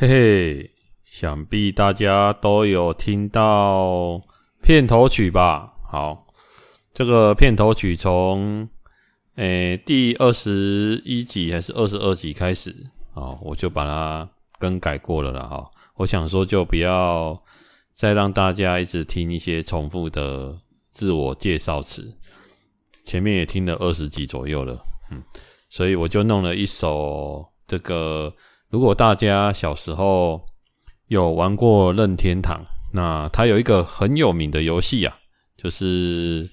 嘿嘿，想必大家都有聽到片頭曲吧？好，這個片頭曲從誒、欸、第二十一集還是二十二集開始啊，我就把它更改過了了哈。我想說，就不要再讓大家一直聽一些重複的自我介紹詞。前面也聽了二十集左右了，嗯，所以我就弄了一首這個。如果大家小時候有玩過任天堂，那它有一個很有名的遊戲啊，就是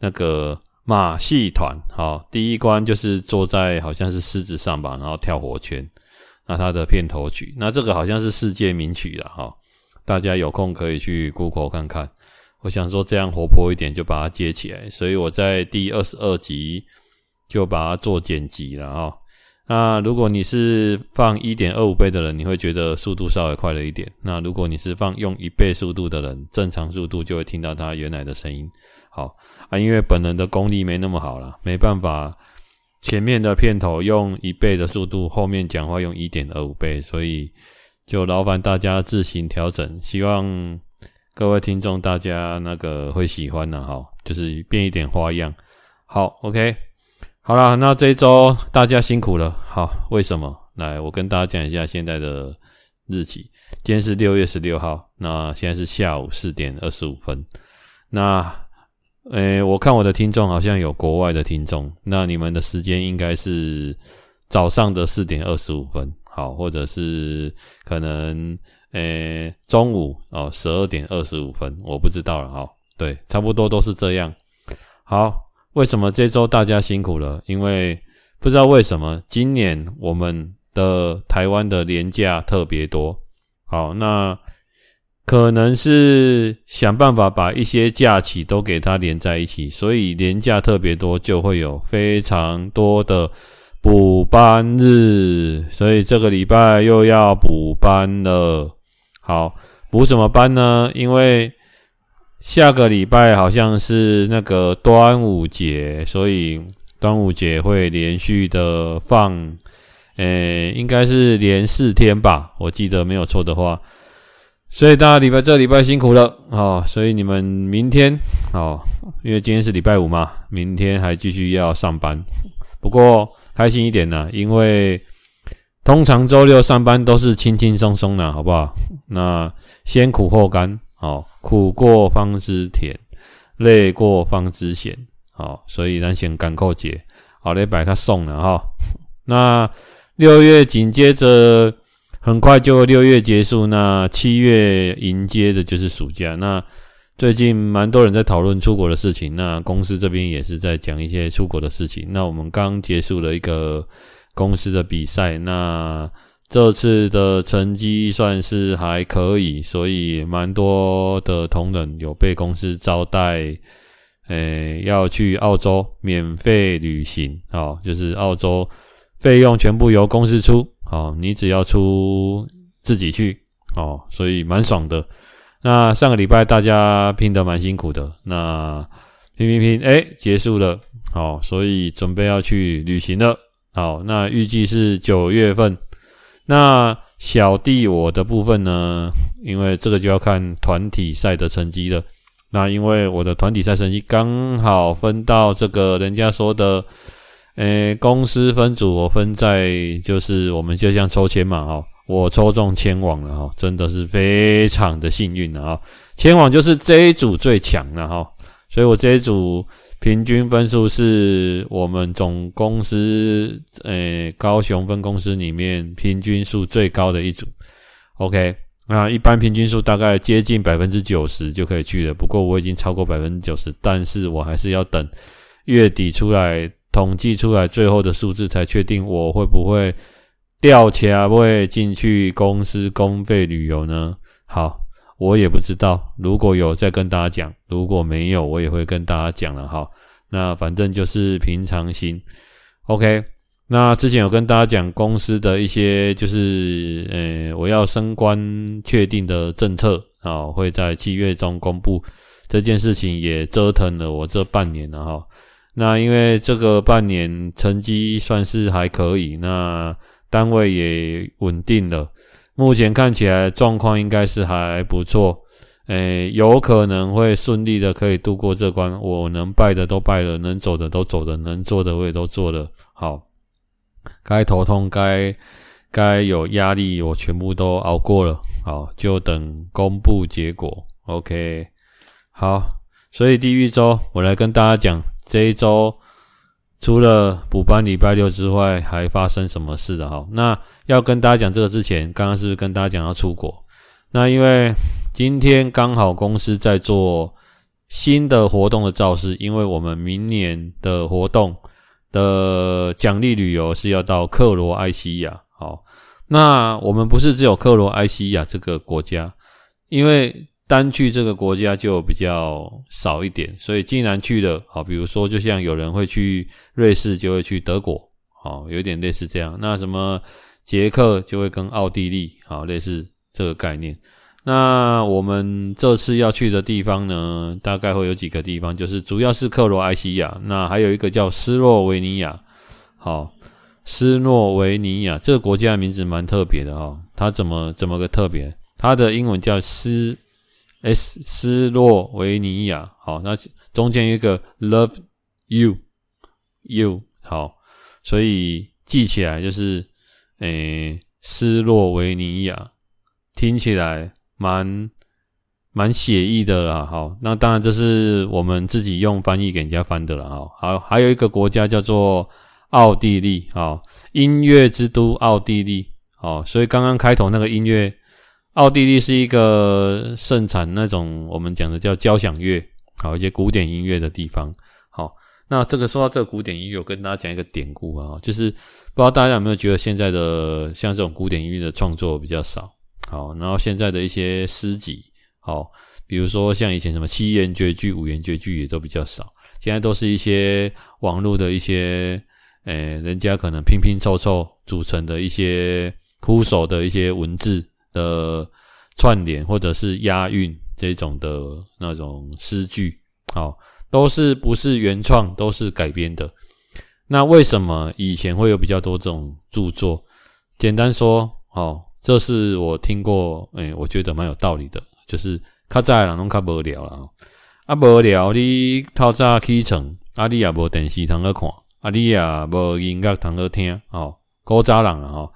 那個馬戲團。好、哦，第一關就是坐在好像是獅子上吧，然後跳火圈。那它的片頭曲，那這個好像是世界名曲了哈、哦。大家有空可以去 Google 看看。我想說這樣活潑一點，就把它接起來。所以我在第二十二集就把它做剪輯了啊。哦。那如果你是放一點二五倍的人，你會覺得速度稍微快了一點。那如果你是放用一倍速度的人，正常速度就會聽到他原來的聲音。好，啊，因為本人的功力沒那麼好啦，沒辦法，前面的片頭用一倍的速度，後面講話用一點二五倍，所以就勞煩大家自行調整。希望各位聽眾大家那個會喜歡的哈，就是變一點花樣。好，OK。好啦，那這一周大家辛苦了。好，為什麼？來，我跟大家講一下現在的日期。今天是六月十六號，那現在是下午四點二十五分。那，誒、欸，我看我的聽眾好像有國外的聽眾，那你們的時間應該是早上的四點二十五分，好，或者是可能，誒、欸，中午哦十二點二十五分，我不知道了。好、哦，對，差不多都是這樣。好。為什麼這週大家辛苦了？因為不知道為什麼，今年我們的台灣的連假特別多。好，那可能是想辦法把一些假期都給它連在一起，所以連假特別多，就會有非常多的補班日。所以這個禮拜又要補班了。好，補什麼班呢？因為下個禮拜好像是那個端午節，所以端午節會連續的放，誒，應該是連四天吧，我記得沒有錯的話。所以大家禮拜這個禮拜辛苦了哦，所以你們明天哦，因為今天是禮拜五嘛，明天還繼續要上班。不過開心一點呢啊，因為通常週六上班都是輕輕鬆鬆的，好不好？那先苦後甘。哦，苦過方知甜，累過方知險，哦。好，所以人先甘過劫。好嘞，把它送了哈。那六月緊接着，很快就六月結束。那七月迎接的就是暑假。那最近蠻多人在討論出國的事情。那公司這邊也是在講一些出國的事情。那我們剛結束了一個公司的比賽。那這次的成績算是還可以，所以蠻多的同仁有被公司招待，誒，要去澳洲免費旅行哦，就是澳洲費用全部由公司出，哦，你只要出自己去，哦，所以蠻爽的。那上個禮拜大家拼得蠻辛苦的，那拼拼拼，哎，結束了，哦，所以準備要去旅行了，好，哦，那預計是九月份。那小弟我的部分呢？因為這個就要看團體賽的成績了。那因為我的團體賽成績剛好分到這個人家說的，誒、欸，公司分組我分在，就是我們就像抽簽嘛，哦，我抽中籤王了，哦，真的是非常的幸運了。哦，籤王就是這一組最強了。哈，所以我這一組平均分數是我們總公司，誒、欸，高雄分公司裡面平均數最高的一組。OK，那一般平均數大概接近百分之九十就可以去了。不過我已經超過百分之九十，但是我還是要等月底出來統計出來最後的數字，才確定我會不會掉錢，會進去公司公費旅遊呢？好。我也不知道，如果有再跟大家講，如果沒有我也會跟大家講了哈。那反正就是平常心。OK，那之前有跟大家講公司的一些就是呃、欸、我要升官確定的政策啊，會在七月中公布。這件事情也折騰了我這半年了哈。那因為這個半年成績算是還可以，那單位也穩定了。目前看起來狀況應該是還不錯，誒、欸，有可能會順利的可以度過這關。我能拜的都拜了，能走的都走的，能做的我也都做了。好，該頭痛該該有壓力，我全部都熬過了。好，就等公布結果。OK，好，所以地獄週我來跟大家講這一週。除了補班禮拜六之外，還發生什麼事了哈？那要跟大家講這個之前，剛剛是不是跟大家講要出國，那因為今天剛好公司在做新的活動的造勢，因為我們明年的活動的獎勵旅遊是要到克羅埃西亞。好，那我們不是只有克羅埃西亞這個國家，因為。單去這個國家就比較少一點，所以既然去了。好，比如說就像有人會去瑞士，就會去德國，好，有點類似這樣。那什麼捷克就會跟奧地利，好，類似這個概念。那我們這次要去的地方呢，大概會有幾個地方，就是主要是克羅埃西亞，那還有一個叫斯洛維尼亞。好，斯洛維尼亞這個國家的名字蠻特別的哈，它怎麼怎麼個特別？它的英文叫斯。S, 斯洛維尼亞，好，那中間有一個 Love you，you，you，好，所以記起來就是，誒，斯洛維尼亞，聽起來蠻蠻寫意的啦，好，那當然這是我們自己用翻譯給人家翻的啦，啊，好，還有一個國家叫做奧地利，啊，音樂之都奧地利，啊，所以剛剛開頭那個音樂。奧地利是一個盛產那種我們講的叫交響樂，好，一些古典音樂的地方。好，那這個說到這個古典音樂，我跟大家講一個典故啊，就是不知道大家有沒有覺得現在的像這種古典音樂的創作比較少。好，然後現在的一些詩集，好，比如說像以前什麼七言絕句、五言絕句也都比較少，現在都是一些網絡的一些，誒、欸，人家可能拼拼湊湊組成的一些枯朽的一些文字。的串聯或者是押韻這種的那種詩句，哦，都是不是原創，都是改編的。那為什麼以前會有比較多這種著作？簡單說，哦，這是我聽過，誒，我覺得蠻有道理的。就是較早的人攏較無聊了啊，無聊，你透早起床，啊，你也無電視通的看，啊，你也無音樂通的聽哦，古早人啊。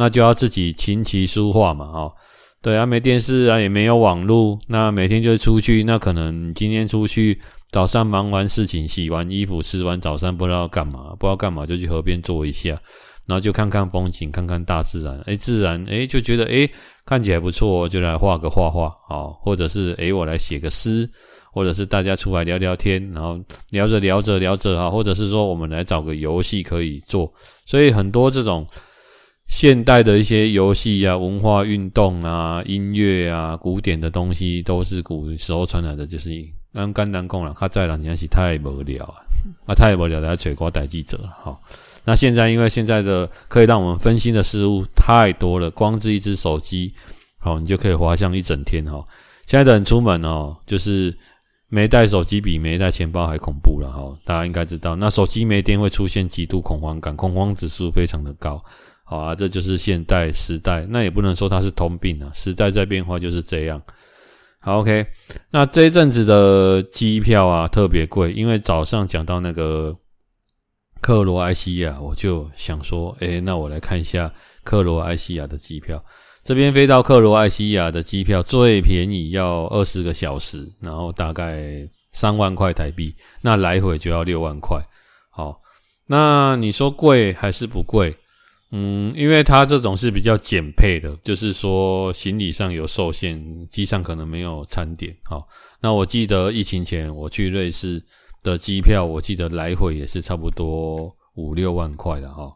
那就要自己琴棋書畫嘛，哈，對啊，沒電視啊，也沒有網絡，那每天就出去，那可能今天出去，早上忙完事情，洗完衣服，吃完早餐，不知道幹嘛，不知道幹嘛就去河邊坐一下，然後就看看風景，看看大自然，誒，自然，誒，就覺得誒，看起來不錯，就來畫個畫畫，啊，或者是誒，我來寫個詩，或者是大家出來聊聊天，然後聊着聊着聊着啊，或者是說我們來找個遊戲可以做，所以很多這種。現代的一些遊戲啊、文化運動啊、音樂啊、古典的東西，都是古時候傳來的。就是簡單講了，他在朗你還是太無聊啊、嗯！啊，太無聊了，家吹瓜帶記者了哈、哦。那現在，因為現在的可以讓我們分心的事物太多了，光是一隻手機，好、哦，你就可以滑翔一整天哈、哦。現在的人出門哦，就是沒帶手機比沒帶錢包還恐怖了哈、哦。大家應該知道，那手機沒電會出現極度恐慌感，恐慌指數非常的高。好啊，這就是現代時代，那也不能說它是通病啊。時代在變化，就是這樣。好，OK。那這一陣子的機票啊特別貴，因為早上講到那個克羅埃西亞，我就想說，哎，那我來看一下克羅埃西亞的機票。這邊飛到克羅埃西亞的機票最便宜要二十個小時，然後大概三萬塊台幣，那來回就要六萬塊。好，那你說貴還是不貴？嗯，因為它這種是比較簡配的，就是說行李上有受限，機上可能沒有餐點哈、哦。那我記得疫情前我去瑞士的機票，我記得來回也是差不多五六萬塊了哈、哦。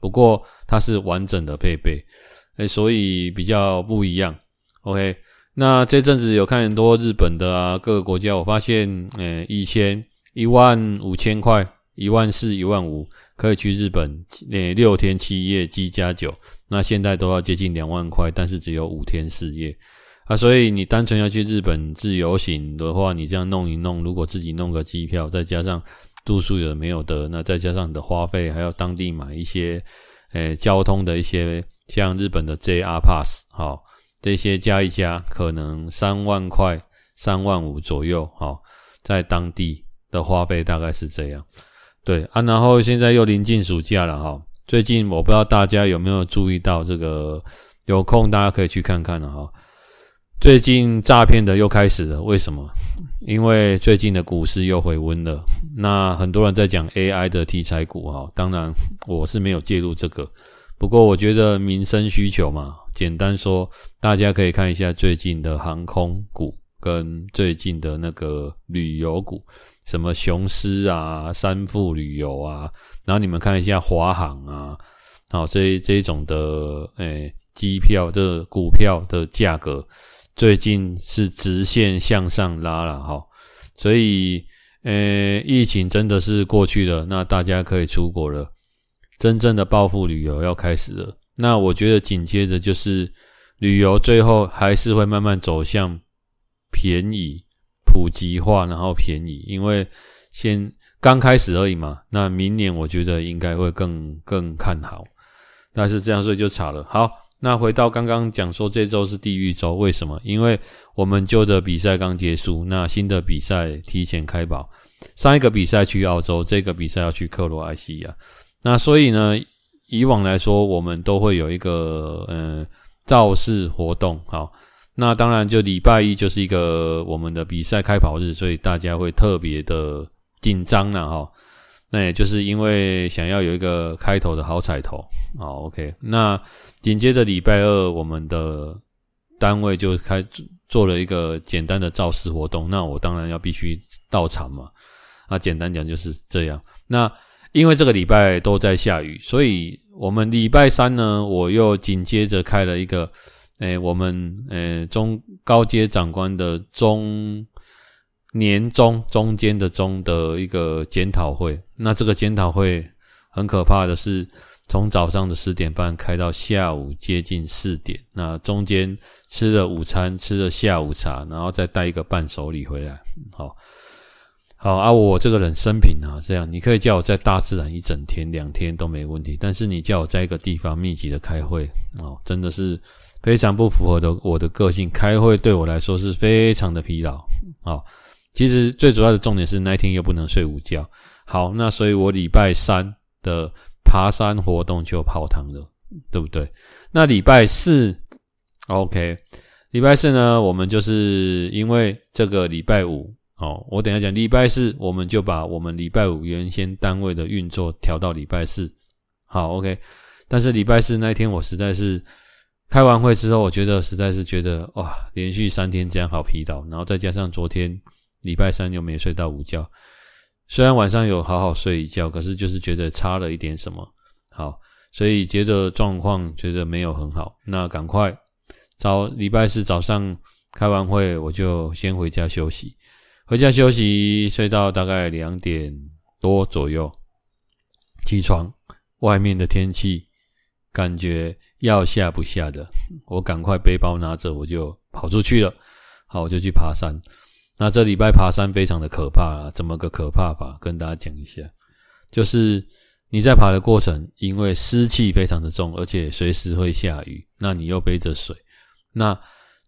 不過它是完整的配備，哎，所以比較不一樣。OK，那這陣子有看很多日本的啊，各個國家，我發現，嗯，一千、一萬五千塊。一萬四、一萬五，可以去日本，誒、欸、六天七夜，機加酒，那現在都要接近兩萬塊，但是只有五天四夜啊，所以你單純要去日本自由行的話，你這樣弄一弄，如果自己弄個機票，再加上住宿有沒有得，那再加上你的花費，還有當地買一些，誒、欸，交通的一些，像日本的 JR Pass，好、哦，這些加一加，可能三萬塊、三萬五左右，好、哦，在當地的花費大概是這樣。對啊，然後現在又臨近暑假了哈、哦。最近我不知道大家有沒有注意到這個，有空大家可以去看看了哈、哦。最近詐騙的又開始了，為什麼？因為最近的股市又回溫了。那很多人在講 AI 的題材股哈、哦，當然我是沒有介入這個。不過我覺得民生需求嘛，簡單說，大家可以看一下最近的航空股。跟最近的那個旅遊股，什麼雄獅啊、三富旅遊啊，然後你們看一下華航啊，好這這種的誒、哎，機票的、這個、股票的價格最近是直線向上拉了哈、哦，所以誒、哎，疫情真的是過去了，那大家可以出國了，真正的報復旅遊要開始了。那我覺得緊接着就是旅遊，最後還是會慢慢走向。便宜、普及化，然後便宜，因為先剛開始而已嘛。那明年我覺得應該會更更看好。但是這樣說就差了。好，那回到剛剛講說這週是地獄週，為什麼？因為我們舊的比賽剛結束，那新的比賽提前開跑。上一個比賽去澳洲，這個比賽要去克羅埃西亞。那所以呢，以往來說我們都會有一個嗯、呃、造勢活動，好。那當然，就禮拜一就是一個我們的比賽開跑日，所以大家會特別的緊張了、啊、哈。那也就是因為想要有一個開頭的好彩頭啊。OK，那緊接着禮拜二，我們的單位就開做了一個簡單的造勢活動。那我當然要必須到場嘛。那簡單講就是這樣。那因為這個禮拜都在下雨，所以我們禮拜三呢，我又緊接着開了一個。哎、欸，我們呃、欸、中高階長官的中年中中間的中的一個檢討會，那這個檢討會很可怕的是從早上的十點半開到下午接近四點，那中間吃了午餐，吃了下午茶，然後再帶一個伴手禮回來。嗯、好好啊，我這個人生平啊，這樣你可以叫我在大自然一整天兩天都沒問題，但是你叫我在一個地方密集的開會哦、嗯，真的是。非常不符合的我的個性，開會對我來說是非常的疲勞。啊、哦，其實最主要的重點是那一天又不能睡午覺。好，那所以我禮拜三的爬山活動就泡湯了，對不對？那禮拜四，OK，禮拜四呢，我們就是因為這個禮拜五，哦，我等一下講禮拜四，我們就把我們禮拜五原先單位的運作調到禮拜四。好，OK，但是禮拜四那一天我實在是。開完會之後，我覺得實在是覺得哇，連續三天這樣好疲勞，然後再加上昨天禮拜三又沒睡到午覺，雖然晚上有好好睡一覺，可是就是覺得差了一點什麼。好，所以覺得狀況覺得沒有很好，那趕快早禮拜四早上開完會，我就先回家休息，回家休息睡到大概兩點多左右起床，外面的天氣。感覺要下不下的，我趕快背包拿着，我就跑出去了。好，我就去爬山。那這禮拜爬山非常的可怕啊，怎麼個可怕法？跟大家講一下，就是你在爬的過程，因為濕氣非常的重，而且隨時會下雨，那你又背着水，那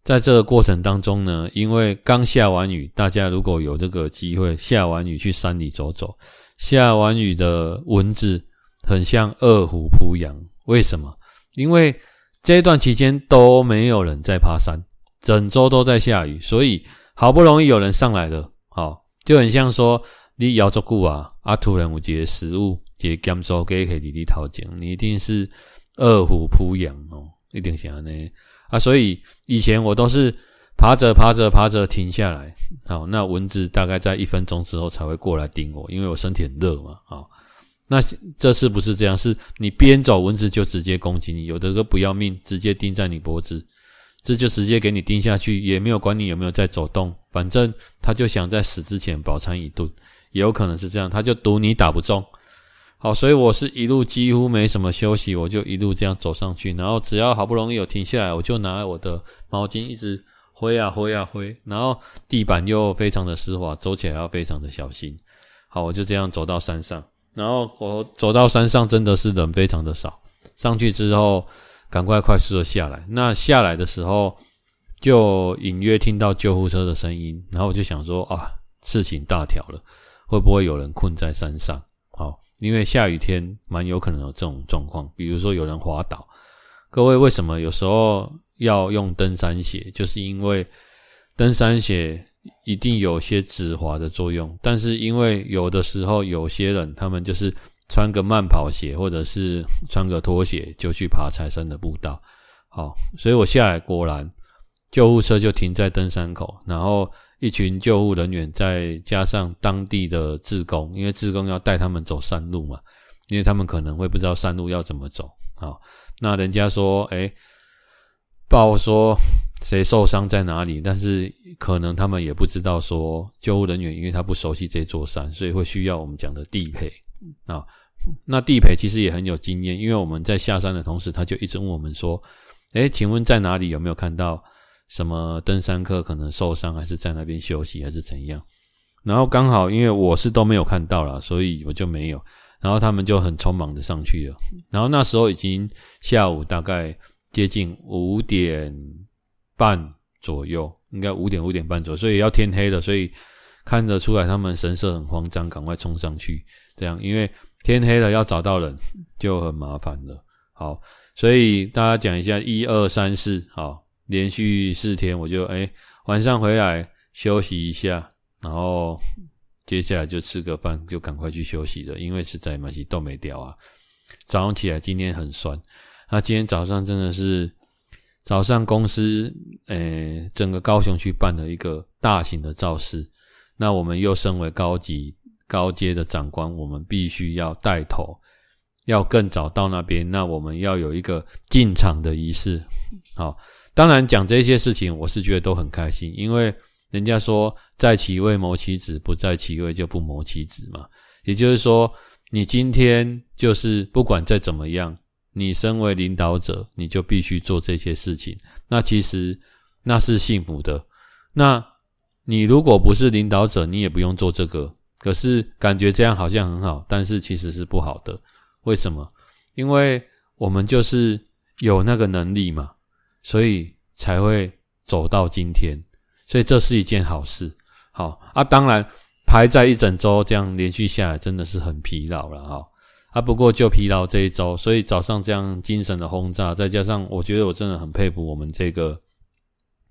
在這個過程當中呢，因為剛下完雨，大家如果有這個機會，下完雨去山裡走走，下完雨的蚊子很像餓虎撲羊。為什麼？因為這一段期間都沒有人在爬山，整週都在下雨，所以好不容易有人上來了。好、哦、就很像說你搖着鼓啊，啊突然有節食物節減少給以地地掏井，你一定是餓虎撲羊哦，一定像呢啊！所以以前我都是爬着爬着爬着停下來，好那蚊子大概在一分鐘之後才會過來叮我，因為我身體很熱嘛，啊。那這是不是這樣？是你邊走，蚊子就直接攻擊你。有的時候不要命，直接叮在你脖子，這就直接給你叮下去，也沒有管你有沒有在走動，反正他就想在死之前飽餐一頓。也有可能是這樣，他就賭你打不中。好，所以我是一路幾乎沒什麼休息，我就一路這樣走上去。然後只要好不容易有停下來，我就拿我的毛巾一直揮啊揮啊揮。然後地板又非常的濕滑，走起來要非常的小心。好，我就這樣走到山上。然後我走到山上，真的是人非常的少。上去之後，趕快快速的下來。那下來的時候，就隱約聽到救護車的聲音。然後我就想說啊，事情大條了，會不會有人困在山上？好、哦，因為下雨天蠻有可能有這種狀況，比如說有人滑倒。各位為什麼有時候要用登山鞋？就是因為登山鞋。一定有些止滑的作用，但是因為有的時候有些人他們就是穿個慢跑鞋或者是穿個拖鞋就去爬柴山的步道，好，所以我下來果然救護車就停在登山口，然後一群救護人員再加上當地的志工，因為志工要帶他們走山路嘛，因為他們可能會不知道山路要怎麼走。好，那人家說，誒、哎，報說。誰受傷在哪裡？但是可能他們也不知道。說救護人員，因為他不熟悉這座山，所以會需要我們講的地陪。啊，那地陪其實也很有經驗，因為我們在下山的同時，他就一直問我們說：“哎、欸，請問在哪裡？有沒有看到什麼登山客可能受傷，還是在那邊休息，還是怎樣？”然後剛好因為我是都沒有看到啦，所以我就沒有。然後他們就很匆忙的上去了。然後那時候已經下午大概接近五點。半左右，應該五點五點半左右，所以要天黑了，所以看得出來他們神色很慌張，趕快衝上去，這樣，因為天黑了要找到人就很麻煩了。好，所以大家講一下一二三四，好，連續四天，我就誒、欸、晚上回來休息一下，然後接下來就吃個飯，就趕快去休息了，因為實在嘛，是都沒掉啊。早上起來今天很酸，那今天早上真的是。早上公司，誒、欸，整個高雄去辦了一個大型的造勢，那我們又身為高級高階的長官，我們必須要帶頭，要更早到那邊。那我們要有一個進場的儀式，好，當然講這些事情，我是覺得都很開心，因為人家說，在其位謀其職，不在其位就不謀其職嘛。也就是說，你今天就是不管再怎麼樣。你身為領導者，你就必須做這些事情。那其實那是幸福的。那你如果不是領導者，你也不用做這個。可是感覺這樣好像很好，但是其實是不好的。為什麼？因為我們就是有那個能力嘛，所以才會走到今天。所以這是一件好事。好啊，當然排在一整周這樣連續下來，真的是很疲勞了哈。他、啊、不過就疲勞這一週，所以早上這樣精神的轟炸，再加上我覺得我真的很佩服我們這個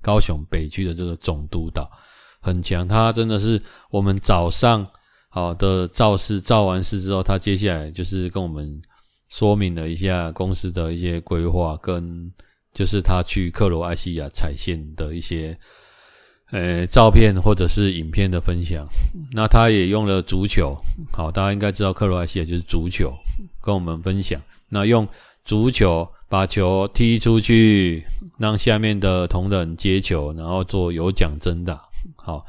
高雄北區的這個總督導，很強。他真的是我們早上好的造勢造完勢之後，他接下來就是跟我們說明了一下公司的一些規劃，跟就是他去克羅埃西亞採線的一些。呃、欸，照片或者是影片的分享，那他也用了足球。好，大家應該知道克羅埃西亞就是足球，跟我們分享。那用足球把球踢出去，讓下面的同仁接球，然後做有獎徵答。好，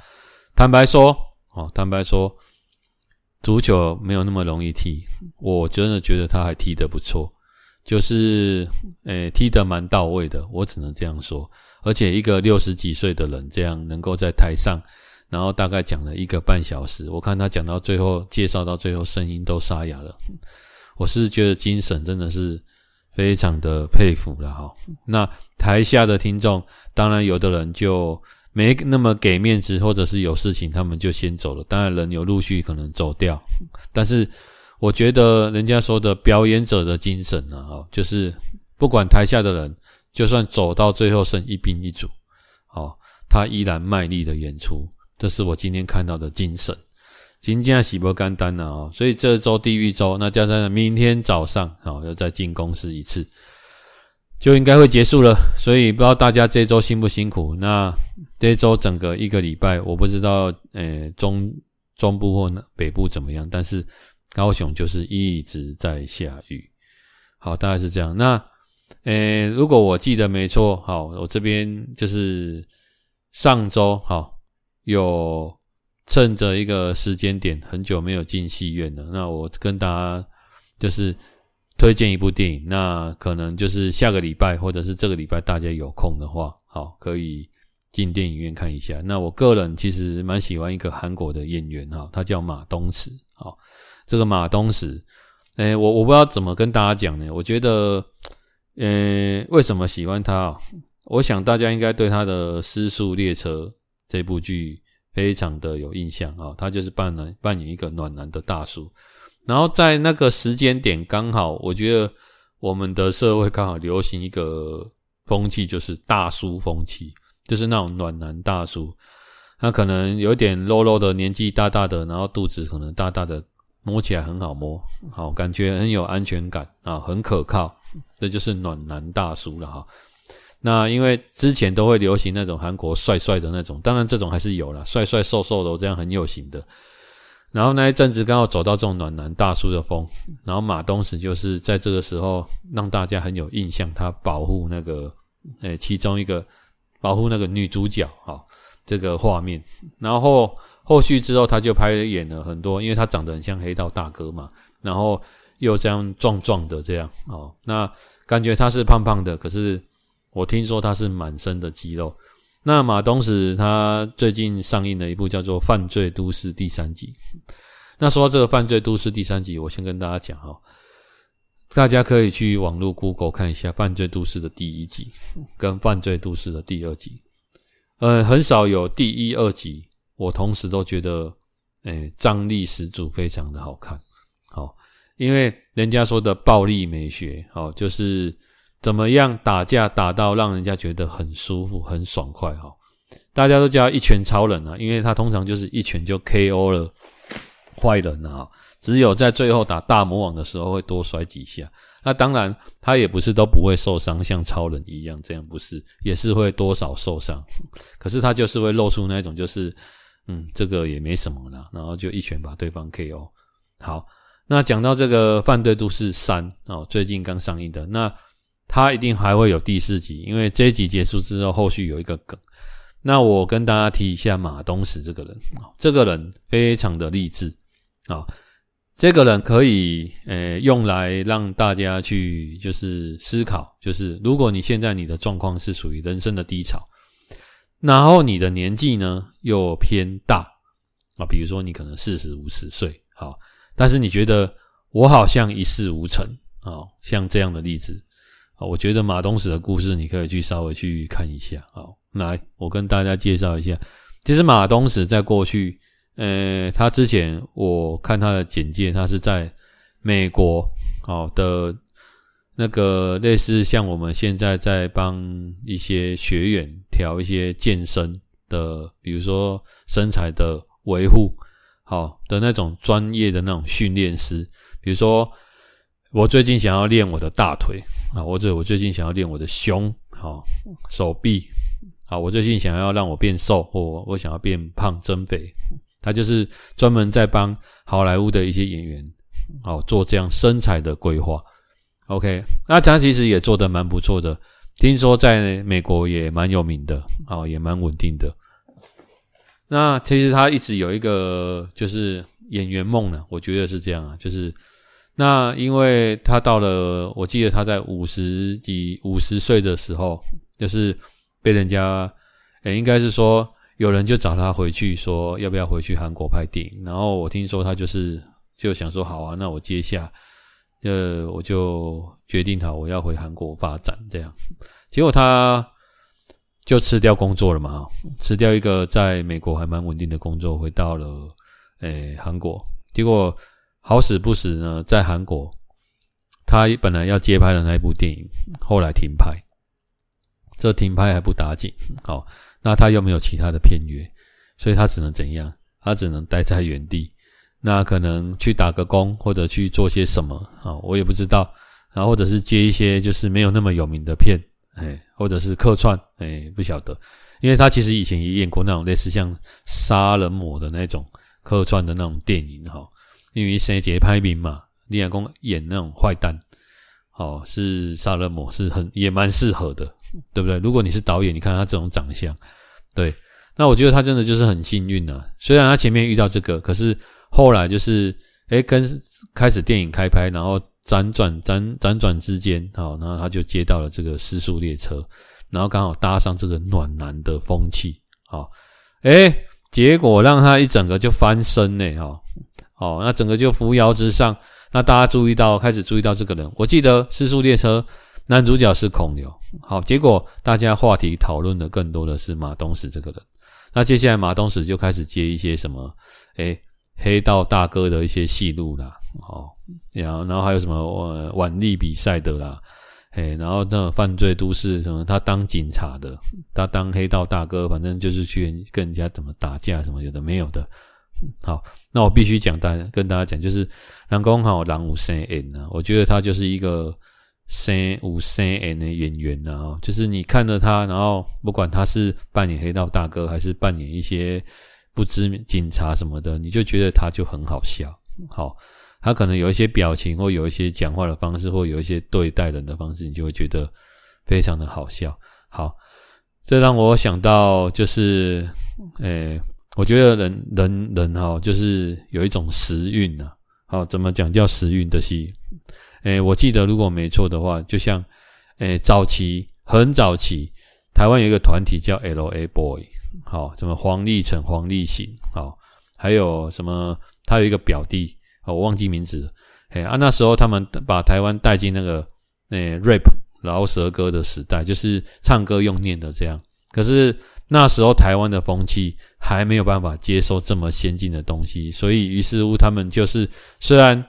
坦白說，坦白說，足球沒有那麼容易踢。我真的覺得他還踢得不錯，就是、欸、踢得蠻到位的。我只能這樣說。而且一個六十幾歲的人，這樣能夠在台上，然後大概講了一個半小時，我看他講到最後，介紹到最後，聲音都沙啞了。我是覺得精神真的是非常的佩服了哈。那台下的聽眾，當然有的人就沒那麼給面子，或者是有事情，他們就先走了。當然，人有陸續可能走掉，但是我覺得人家說的表演者的精神呢，哈，就是不管台下的人。就算走到最後剩一兵一卒。哦，他依然賣力的演出，這是我今天看到的精神，今天洗不簡單了哦，所以這周地獄週，那加上明天早上，好、哦、要再進公司一次，就應該會結束了。所以不知道大家這周辛不辛苦？那這周整個一個禮拜，我不知道，誒、欸，中中部或北部怎麼樣？但是高雄就是一直在下雨，好，大概是這樣。那。呃、欸，如果我記得沒錯，好，我這邊就是上周好，有趁着一個時間點，很久沒有進戲院了。那我跟大家就是推薦一部電影，那可能就是下個禮拜或者是這個禮拜大家有空的話，好，可以進電影院看一下。那我個人其實蠻喜歡一個韓國的演員哈，他叫馬東石。好，這個馬東石，哎、欸，我我不知道怎麼跟大家講呢，我覺得。呃，為什麼喜歡他？我想大家應該對他的《屍速列車》這部劇非常的有印象啊。他就是扮男扮演一個暖男的大叔，然後在那個時間點剛好，我覺得我們的社會剛好流行一個風氣，就是大叔風氣，就是那種暖男大叔。他可能有點肉肉的，年紀大大的，然後肚子可能大大的，摸起來很好摸，好感覺很有安全感啊，很可靠。這就是暖男大叔了哈。那因為之前都會流行那種韓國帥帥的那種，當然這種還是有啦，帥帥、瘦瘦的這樣很有型的。然後那一陣子剛好走到這種暖男大叔的風，然後馬東石就是在這個時候讓大家很有印象，他保護那個誒、哎、其中一個保護那個女主角哈、哦、這個畫面。然後後，後續之後他就拍演了很多，因為他長得很像黑道大哥嘛，然後。又這樣壯壯的這樣哦，那感覺他是胖胖的，可是我聽說他是滿身的肌肉。那馬東石他最近上映了一部叫做《犯罪都市》第三集。那說到這個《犯罪都市》第三集，我先跟大家講哈、哦，大家可以去網絡 Google 看一下《犯罪都市》的第一集跟《犯罪都市》的第二集。嗯，很少有第一、二集，我同時都覺得，哎、欸，張力十足，非常的好看。因為人家說的暴力美學，哦，就是怎麼樣打架打到讓人家覺得很舒服、很爽快，哈，大家都叫一拳超人啊，因為他通常就是一拳就 KO 了壞人啊。只有在最後打大魔王的時候會多摔幾下，那當然他也不是都不會受傷，像超人一樣這樣不是，也是會多少受傷，可是他就是會露出那種就是，嗯，這個也沒什麼啦，然後就一拳把對方 KO，好。那講到這個犯罪都市三啊最近剛上映的，那它一定還會有第四集，因為這一集結束之後，後續有一個梗。那我跟大家提一下馬東石這個人，這個人非常的勵志啊，這個人可以呃用來讓大家去就是思考，就是如果你現在你的狀況是屬於人生的低潮，然後你的年紀呢又偏大啊，比如說你可能四十五十歲，但是你覺得我好像一事無成啊，像這樣的例子啊，我覺得馬東石的故事你可以去稍微去看一下。好，來，我跟大家介紹一下。其實馬東石在過去，呃、欸，他之前我看他的簡介，他是在美國啊的那個類似像我們現在在幫一些學員調一些健身的，比如說身材的維護。好的那種專業的那種訓練師，比如說我最近想要練我的大腿啊，或者我最近想要練我的胸，好，手臂，好，我最近想要讓我變瘦，或我我想要變胖增肥，他就是專門在幫好萊塢的一些演員，好做這樣身材的規劃。OK，那他其實也做得蠻不錯的，聽說在美國也蠻有名的啊，也蠻穩定的。那其實他一直有一個就是演員夢呢，我覺得是這樣啊。就是那因為他到了，我記得他在五十幾、五十歲的時候，就是被人家、欸，應該是說有人就找他回去，說要不要回去韓國拍電影。然後我聽說他就是就想說好啊，那我接下，呃，我就決定好我要回韓國發展這樣。結果他。就辭掉工作了嘛，辭掉一個在美國還蠻穩定的工作，回到了，欸，韓國。結果好死不死呢，在韓國他本來要接拍的那一部電影，後來停拍。這停拍還不打緊，好、哦，那他又沒有其他的片約，所以他只能怎樣？他只能待在原地。那可能去打個工，或者去做些什麼啊、哦，我也不知道。然後或者是接一些就是沒有那麼有名的片。哎，或者是客串，哎、欸，不曉得，因為他其實以前也演過那種類似像殺人魔的那種客串的那種電影哈，因為三級拍名嘛，李亞光演那種壞蛋，哦，是殺人魔是很也蠻適合的，對不對？如果你是導演，你看他這種長相，對，那我覺得他真的就是很幸運啊。雖然他前面遇到這個，可是後來就是哎、欸，跟開始電影開拍，然後。輾轉輾輾轉之間，好、哦，然後他就接到了這個屍速列車，然後剛好搭上這個暖男的風氣，好、哦，哎、欸，結果讓他一整個就翻身呢，哈、哦，那整個就扶搖直上，那大家注意到，開始注意到這個人，我記得屍速列車男主角是孔劉，好、哦，結果大家話題討論的更多的是馬東石這個人，那接下來馬東石就開始接一些什麼，哎、欸。黑道大哥的一些戲路啦，哦，然後然後還有什麼、呃、腕力比賽的啦，哎，然後那種犯罪都市什麼，他當警察的，他當黑道大哥，反正就是去跟人家怎麼打架什麼，有的沒有的、嗯。好，那我必須講大跟大家講，就是郎功好郎五三 n 啊，我覺得他就是一個三五三 n 的演員吶、啊哦，就是你看着他，然後不管他是扮演黑道大哥，還是扮演一些。不知警察什麼的，你就覺得他就很好笑。好，他可能有一些表情，或有一些講話的方式，或有一些對待人的方式，你就會覺得非常的好笑。好，這讓我想到，就是，誒，我覺得人人人哈，就是有一種時運吶。好，怎麼講叫時運的戲？誒，我記得如果沒錯的話，就像，誒，早期很早期。台灣有一個團體叫 L.A. Boy，好，什麼黃立成、黃立行，好，還有什麼？他有一個表弟，我忘記名字了。哎啊，那時候他們把台灣帶進那個，哎、欸、rap 饒舌歌的時代，就是唱歌用念的這樣。可是那時候台灣的風氣還沒有辦法接受這麼先進的東西，所以於是乎他們就是雖然，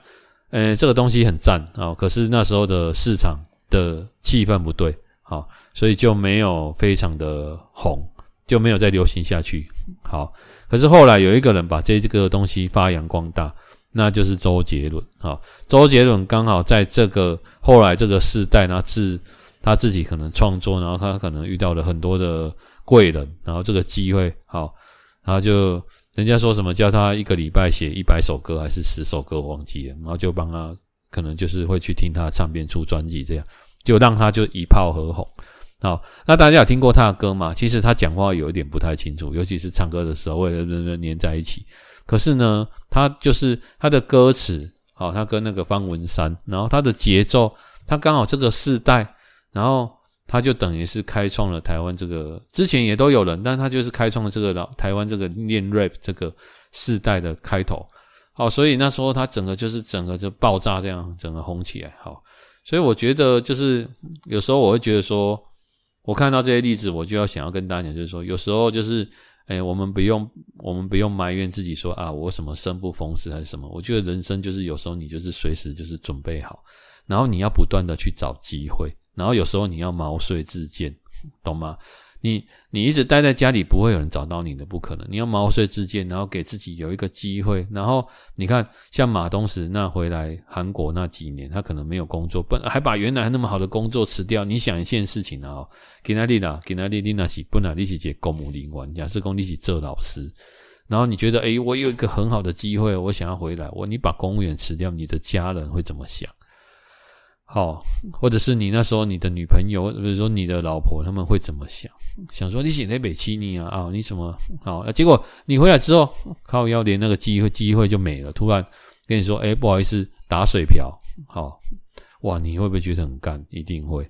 呃、欸，這個東西很讚啊、喔，可是那時候的市場的氣氛不對。好，所以就沒有非常的紅，就沒有再流行下去。好，可是後來有一個人把這這個東西發揚光大，那就是周杰倫。好，周杰倫剛好在這個後來這個世代呢，自他自己可能創作，然後他可能遇到了很多的貴人，然後這個機會。好，然後就人家說什麼叫他一個禮拜寫一百首歌還是十首歌，首歌我忘記了，然後就幫他可能就是會去聽他唱片出專輯這樣。就讓他就一炮而紅，好，那大家有聽過他的歌嗎？其實他講話有一點不太清楚，尤其是唱歌的時候，會人人粘在一起。可是呢，他就是他的歌詞，好，他跟那個方文山，然後他的節奏，他剛好這個世代，然後他就等於是開創了台灣這個之前也都有人，但他就是開創了這個老台灣這個念 rap 這個世代的開頭，好，所以那時候他整個就是整個就爆炸這樣，整個紅起來，好。所以我覺得就是有時候我會覺得說，我看到這些例子，我就要想要跟大家講，就是說有時候就是，誒，我們不用我們不用埋怨自己說啊，我什麼生不逢時還是什麼。我覺得人生就是有時候你就是隨時就是準備好，然後你要不斷的去找機會，然後有時候你要毛遂自薦，懂嗎？你你一直待在家裡，不會有人找到你的，不可能。你要毛遂自薦，然後給自己有一個機會。然後你看，像馬東石那回來韓國那幾年，他可能沒有工作，本，還把原來那麼好的工作辭掉。你想一件事情啊，今天，今天你如果是，本來你是一個公務員，假設你是做老師，然後你覺得哎、欸，我有一個很好的機會，我想要回來，我你把公務員辭掉，你的家人會怎麼想？好、哦，或者是你那時候你的女朋友，或者說你的老婆，他們會怎麼想？想說你寫那北七呢啊、哦？你什麼好、啊？結果你回來之後，靠腰連那個機會機會就沒了。突然跟你說，哎、欸，不好意思，打水漂。好、哦，哇，你會不會覺得很幹？一定會。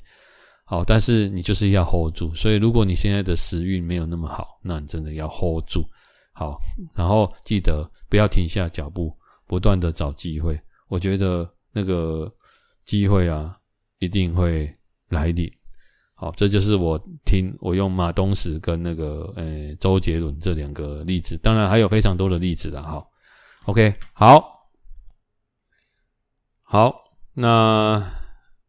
好，但是你就是要 hold 住。所以，如果你現在的時運沒有那麼好，那你真的要 hold 住。好，然後記得不要停下腳步，不斷的找機會。我覺得那個。機會啊，一定會來臨。好，這就是我聽我用馬東石跟那個呃、欸、周杰倫這兩個例子，當然還有非常多的例子了。哈，OK，好，好，那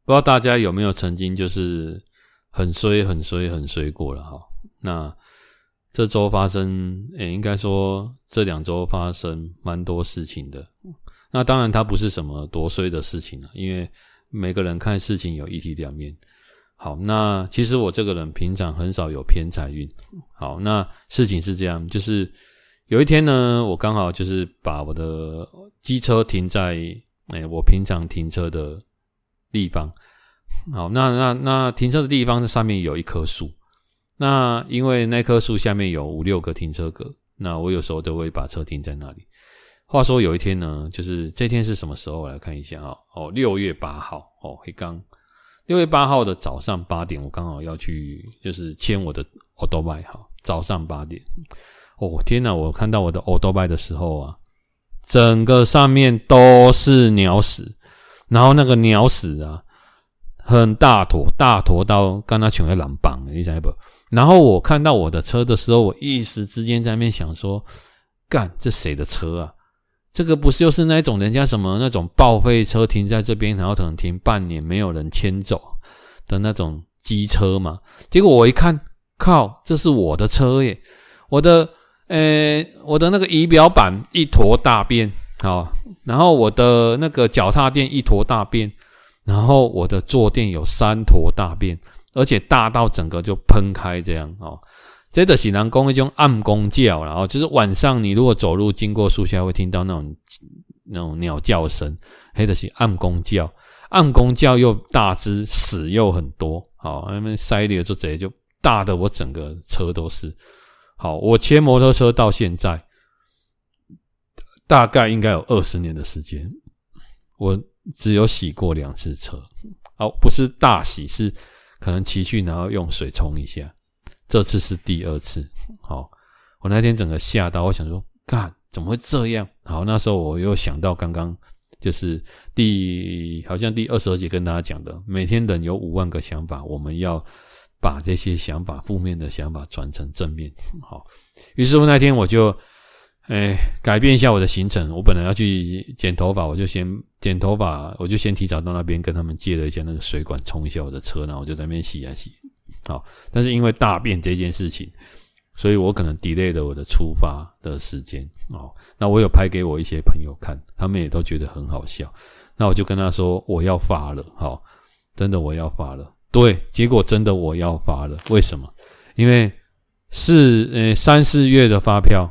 不知道大家有沒有曾經就是很衰很衰很衰過了？哈，那這週發生，欸、應該說這兩週發生蠻多事情的。那當然，它不是什麼多衰的事情了，因為。每個人看事情有一體兩面。好，那其實我這個人平常很少有偏財運。好，那事情是這樣，就是有一天呢，我剛好就是把我的機車停在哎，我平常停車的地方。好，那那那停車的地方上面有一棵樹。那因為那棵樹下面有五六個停車格，那我有時候都會把車停在那裡。話說有一天呢，就是這天是什麼時候我來看一下啊、哦？哦，六月八號哦，黑剛六月八號的早上八點，我剛好要去，就是牽我的歐多拜哈。早上八點，哦天哪、啊！我看到我的歐多拜的時候啊，整個上面都是鳥屎，然後那個鳥屎啊，很大坨，大坨到剛那全會兩棒，你猜不？然後我看到我的車的時候，我一時之間在那邊想說，幹，這誰的車啊？這個不就是那種人家什麼那種報廢車停在這邊，然後可能停半年沒有人牽走的那種機車嘛？結果我一看，靠，這是我的車耶！我的呃，我的那個儀表板一坨大便啊、哦，然後我的那個腳踏墊一坨大便，然後我的坐墊有三坨大便，而且大到整個就噴開這樣、哦這的喜南公一種暗公叫，然後就是晚上你如果走路經過樹下會聽到那種那種鳥叫聲，黑的是暗公叫，暗公叫又大隻，屎又很多，好，他們塞裡就直接就大的我整個車都是。好，我騎摩托車到現在大概應該有二十年的時間，我只有洗過兩次車，哦，不是大洗，是可能騎去然後用水沖一下。這次是第二次，好，我那天整個嚇到，我想說，幹怎麼會這樣？好，那時候我又想到剛剛就是第好像第二十二集跟大家講的，每天的有五萬個想法，我們要把這些想法負面的想法轉成正面。好，於是乎那天我就誒改變一下我的行程，我本來要去剪頭髮，我就先剪頭髮，我就先提早到那邊跟他們借了一下那個水管沖一下我的車，然後我就在那邊洗呀洗。好、哦，但是因為大便這件事情，所以我可能 delay 了我的出發的時間。哦，那我有拍給我一些朋友看，他們也都覺得很好笑。那我就跟他說，我要發了，好、哦，真的我要發了。對，結果真的我要發了。為什麼？因為四呃三四月的發票，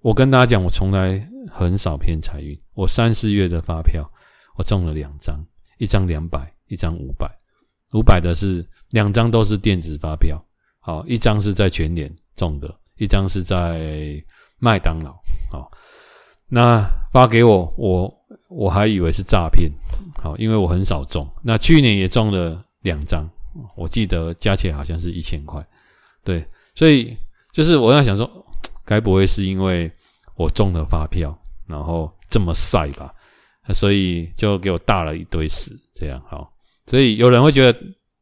我跟大家講，我從來很少偏財運。我三四月的發票，我中了兩張，一張兩百，一張五百，五百的是。兩張都是電子發票，好，一張是在全聯中的，一張是在麥當勞，好，那發給我，我我還以為是詐騙，好，因為我很少中，那去年也中了兩張，我記得加起來好像是一千塊，對，所以就是我在想說，該不會是因為我中了發票然後這麼曬吧，所以就給我大了一堆屎，這樣好，所以有人會覺得。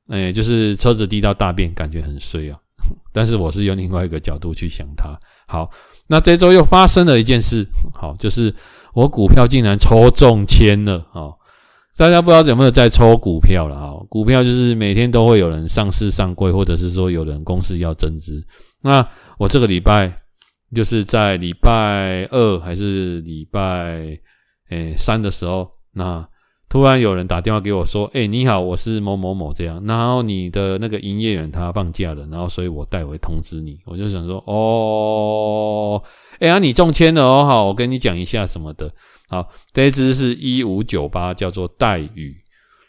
哎，就是車子滴到大便，感覺很衰啊。但是我是用另外一個角度去想它。好，那這週又發生了一件事。好，就是我股票竟然抽中籤了啊、哦！大家不知道有沒有在抽股票了啊？股票就是每天都會有人上市上櫃，或者是說有人公司要增資。那我這個禮拜就是在禮拜二還是禮拜誒、哎、三的時候，那。突然有人打電話給我說：“哎、欸，你好，我是某某某這樣。然後你的那個營業員他放假了，然後所以我代為通知你。我就想說，哦，哎、欸、呀，啊、你中籤了哦，好，我跟你講一下什麼的。好，這一支是1598，叫做岱宇」。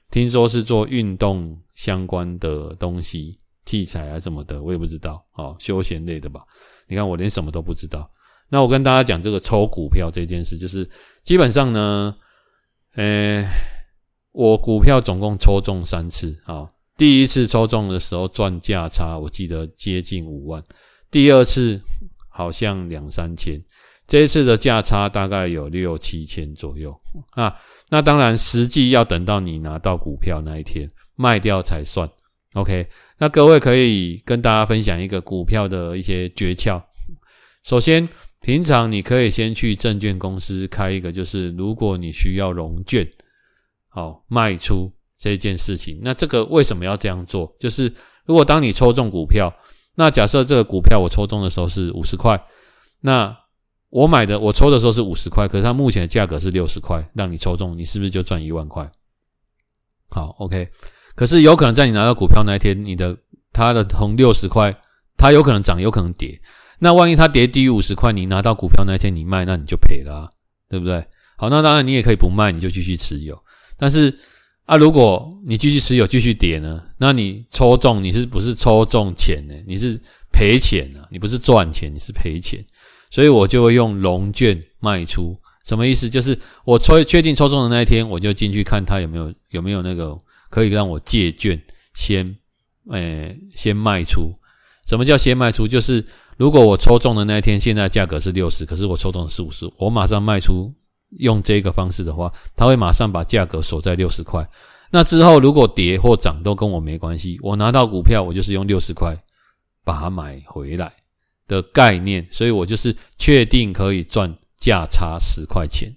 聽說是做運動相關的東西器材啊什麼的，我也不知道。好，休閒類的吧？你看我連什麼都不知道。那我跟大家講這個抽股票這件事，就是基本上呢，呃、欸。”我股票總共抽中三次啊，第一次抽中的時候賺價差，我記得接近五萬，第二次好像兩三千，這一次的價差大概有六七千左右啊。那當然，實際要等到你拿到股票那一天賣掉才算。OK，那各位可以跟大家分享一個股票的一些訣竅。首先，平常你可以先去證券公司開一個，就是如果你需要融券。好，賣出這件事情。那這個為什麼要這樣做？就是如果當你抽中股票，那假設這個股票我抽中的時候是五十塊，那我買的我抽的時候是五十塊，可是它目前的價格是六十塊，讓你抽中，你是不是就賺一萬塊？好，OK。可是有可能在你拿到股票那一天，你的它的從六十塊，它有可能漲，有可能跌。那萬一它跌低於五十塊，你拿到股票那一天你賣，那你就賠了啊，對不對？好，那當然你也可以不賣，你就繼續持有。但是，啊，如果你繼續持有繼續跌呢，那你抽中你是不是抽中錢呢？你是賠錢啊，你不是賺錢，你是賠錢。所以我就會用融券賣出，什麼意思？就是我抽確定抽中的那一天，我就進去看它有沒有有沒有那個可以讓我借券先，誒、欸，先賣出。什麼叫先賣出？就是如果我抽中的那一天，現在價格是六十，可是我抽中的是五十，我馬上賣出。用這個方式的話，它會馬上把價格鎖在六十塊。那之後如果跌或漲都跟我沒關係，我拿到股票我就是用六十塊把它買回來的概念，所以我就是確定可以賺價差十塊錢。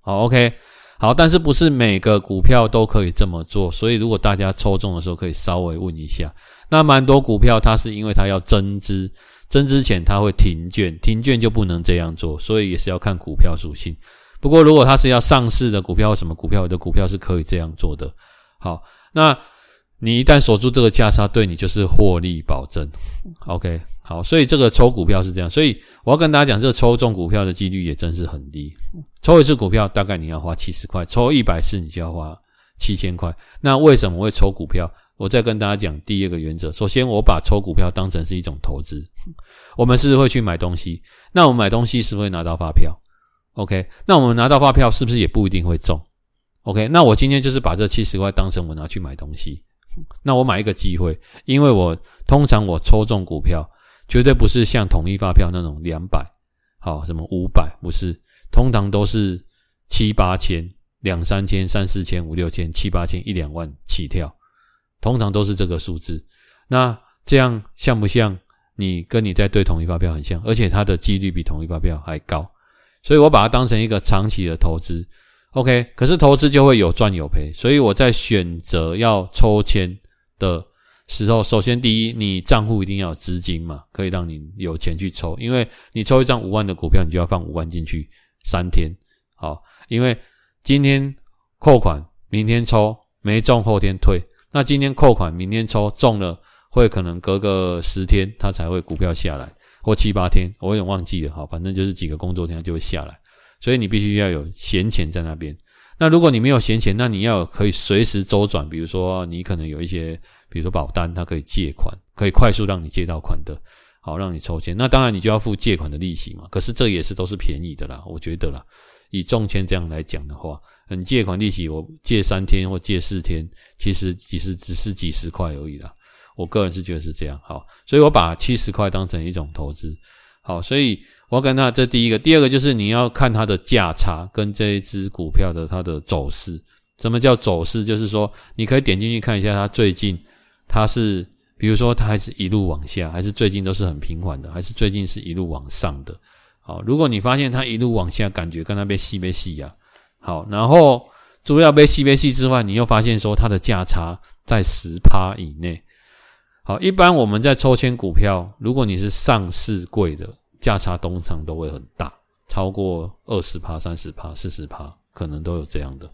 好，OK，好，但是不是每個股票都可以這麼做，所以如果大家抽中的時候可以稍微問一下。那蠻多股票它是因為它要增資，增資前它會停券，停券就不能這樣做，所以也是要看股票屬性。不過，如果他是要上市的股票，或什麼股票的股票是可以這樣做的。好，那你一旦守住這個價差，對你就是獲利保證。OK，好，所以這個抽股票是這樣。所以我要跟大家講，這個、抽中股票的幾率也真是很低。抽一次股票大概你要花七十塊，抽一百次你就要花七千塊。那為什麼會抽股票？我再跟大家講第二個原則。首先，我把抽股票當成是一種投資。我們是，是會去買東西，那我們買東西是不是會拿到發票？OK，那我們拿到發票是不是也不一定會中？OK，那我今天就是把這七十塊當成我拿去買東西。那我買一個機會，因為我通常我抽中股票絕對不是像統一發票那種兩百、哦，好什麼五百，不是，通常都是七八千、兩三千、三四千、五六千、七八千、一兩萬起跳，通常都是這個數字。那這樣像不像你跟你在對統一發票很像？而且它的幾率比統一發票還高。所以，我把它當成一個長期的投資，OK？可是投資就會有賺有賠，所以我在選擇要抽籤的時候，首先第一，你賬戶一定要有資金嘛，可以讓你有錢去抽，因為你抽一張五萬的股票，你就要放五萬進去三天，好，因為今天扣款，明天抽沒中，後天退，那今天扣款，明天抽中了，會可能隔個十天，它才會股票下來。或七八天，我也忘記了哈，反正就是幾個工作天就會下來，所以你必須要有閒錢在那邊。那如果你沒有閒錢，那你要可以隨時週轉，比如說你可能有一些，比如說保單，它可以借款，可以快速讓你借到款的，好讓你抽錢。那當然你就要付借款的利息嘛。可是這也是都是便宜的啦，我覺得啦，以中籤這樣來講的話，你借款利息，我借三天或借四天，其實其實只是幾十塊而已啦。我個人是覺得是這樣，好，所以我把七十塊當成一種投資，好，所以我要跟他這第一個，第二個就是你要看它的價差跟這一支股票的它的走勢，怎麼叫走勢？就是說你可以點進去看一下它最近它是，比如說它還是一路往下，還是最近都是很平緩的，還是最近是一路往上的？好，如果你發現它一路往下，感覺跟它被吸沒係啊，好，然後除了被吸沒係之外，你又發現說它的價差在十趴以內。好，一般我們在抽籤股票，如果你是上市櫃的價差，通常都會很大，超過二十趴、三十趴、四十趴，可能都有這樣的。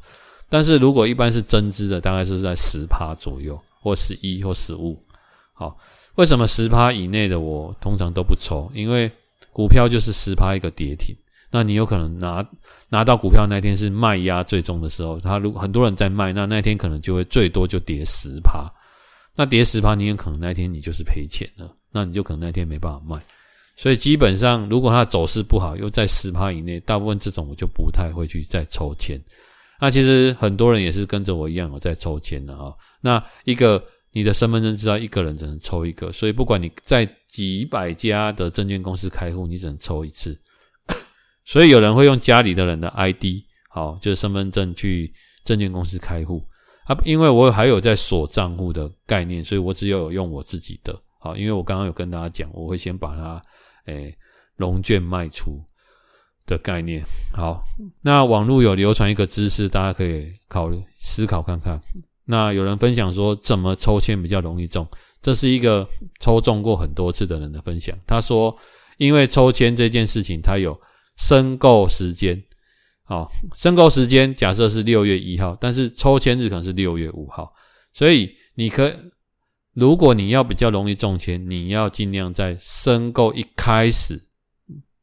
但是如果一般是增資的，大概是在十趴左右，或十一或十五。好，為什麼十趴以內的我通常都不抽？因為股票就是十趴一個跌停，那你有可能拿拿到股票那天是賣壓最重的時候，他如果很多人在賣，那那天可能就會最多就跌十趴。那跌十趴，你也可能那一天你就是賠錢了，那你就可能那一天沒辦法賣。所以基本上，如果它走勢不好，又在十趴以內，大部分這種我就不太會去再抽籤。那其實很多人也是跟着我一樣，我在抽籤的啊。那一個你的身份證知道一個人只能抽一個，所以不管你在幾百家的證券公司開戶，你只能抽一次。 所以有人會用家裡的人的 ID，好，就是身份證去證券公司開戶。啊，因為我還有在鎖賬戶的概念，所以我只有有用我自己的。好，因為我剛剛有跟大家講，我會先把它，誒、欸，融券賣出的概念。好，那網絡有流傳一個知識，大家可以考慮思考看看。那有人分享說，怎麼抽籤比較容易中？這是一個抽中過很多次的人的分享。他說，因為抽籤這件事情，他有申購時間。好、哦，申購時間假設是六月一號，但是抽籤日可能是六月五號，所以你可以，如果你要比較容易中籤，你要盡量在申購一開始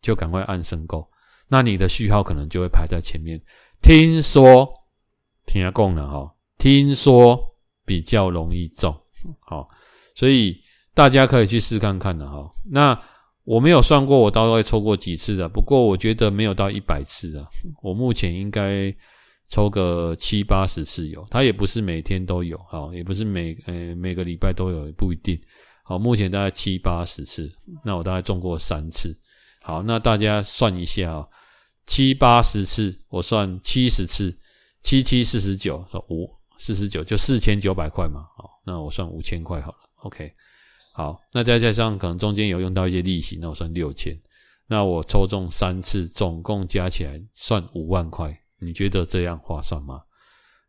就趕快按申購，那你的序號可能就會排在前面。聽說聽下功能哈，聽說比較容易中，好、哦，所以大家可以去試看看了哈。那。我沒有算過，我大概抽過幾次的。不過我覺得沒有到一百次的。我目前應該抽個七八十次有，它也不是每天都有，好，也不是每呃、欸、每個禮拜都有，不一定。好，目前大概七八十次，那我大概中過三次。好，那大家算一下啊，七八十次，我算七十次，七七四十九，五、哦哦、四十九，就四千九百塊嘛。好，那我算五千塊好了。OK。好，那再加上可能中間有用到一些利息，那我算六千，那我抽中三次，總共加起來算五萬塊，你覺得這樣划算嗎？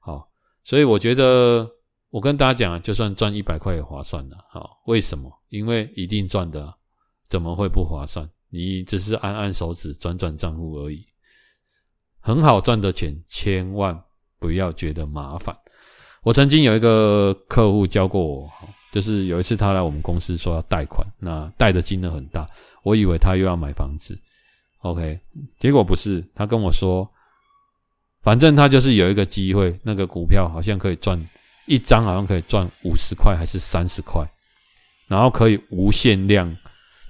好，所以我覺得我跟大家講，就算賺一百塊也划算了。好，為什麼？因為一定賺的，怎麼會不划算？你只是按按手指，轉轉賬戶而已，很好賺的錢，千萬不要覺得麻煩。我曾經有一個客戶教過我。就是有一次他來我們公司說要貸款，那貸的金額很大，我以為他又要買房子。OK，結果不是，他跟我說，反正他就是有一個機會，那個股票好像可以賺一張，好像可以賺五十塊還是三十塊，然後可以無限量，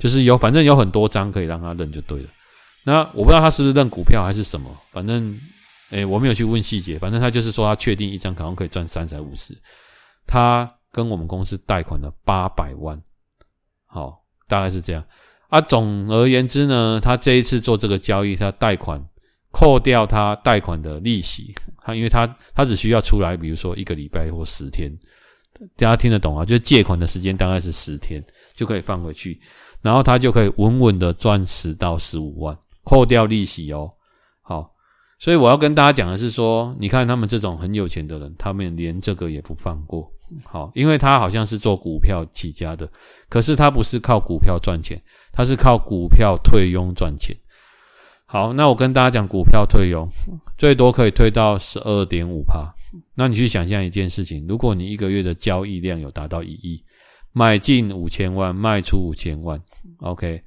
就是有反正有很多張可以讓他認就對了。那我不知道他是不是認股票還是什麼，反正誒，我沒有去問細節，反正他就是說他確定一張好像可以賺三十還是五十，他。跟我們公司貸款了八百萬，好，大概是這樣。啊，總而言之呢，他這一次做這個交易，他貸款扣掉他貸款的利息，他因為他他只需要出來，比如說一個禮拜或十天，大家聽得懂啊？就是借款的時間大概是十天就可以放回去，然後他就可以穩穩的賺十到十五萬，扣掉利息哦。好，所以我要跟大家講的是說，你看他們這種很有錢的人，他們連這個也不放過。好，因為他好像是做股票起家的，可是他不是靠股票賺錢，他是靠股票退佣賺錢。好，那我跟大家講，股票退佣最多可以退到十二點五趴。那你去想象一件事情，如果你一個月的交易量有達到一億，買進五千萬，賣出五千萬，OK，